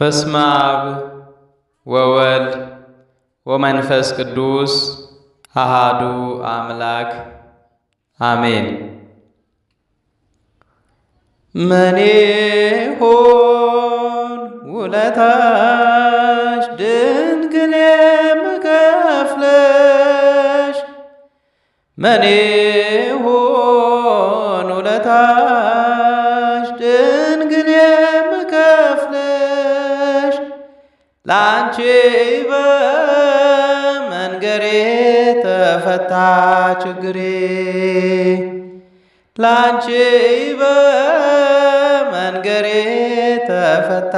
በስመ አብ ወወልድ ወመንፈስ ቅዱስ አሃዱ አምላክ አሜን። መኔ ሆን ውለታሽ ድንግል የምከፍለሽ መኔ ሆን ውለታሽ ላንቺ በመንገሬ ተፈታ ችግሬ ላንቺ በመንገሬ ተፈታ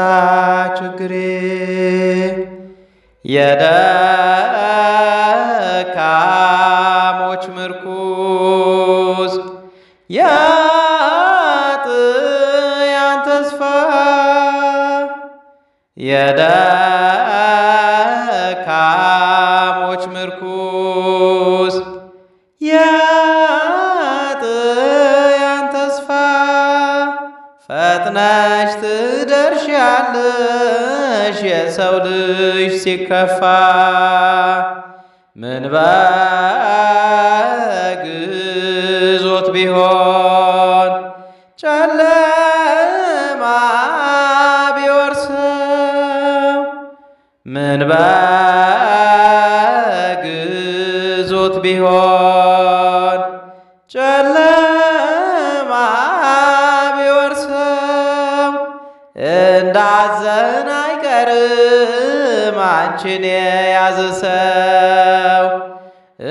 ችግሬ የደካሞች ምርኩዝ የደካሞች ምርኩስ የጥያን ተስፋ ፈጥነሽ ትደርሻለሽ የሰው ልጅ ሲከፋ ምን በግዞት ቢሆን ጨለማ ምን ዞት ቢሆን ጨለማ ቢወርሰው እንዳዘን አይቀርም አንቺን የያዘ ሰው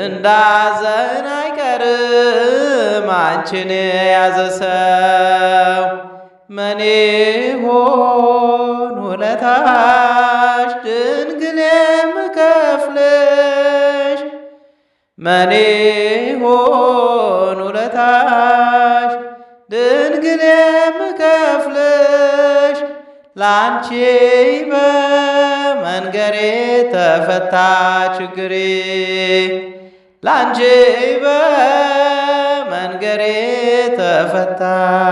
እንዳዘን አይቀርም አንቺን የያዘ ሰው መኔ ሆን ሁለታ መኔ ሆን ውለታሽ ድንግል የምከፍልሽ ላንቺ በመንገሬ ተፈታ ችግሬ ላንቺ በመንገሬ ተፈታ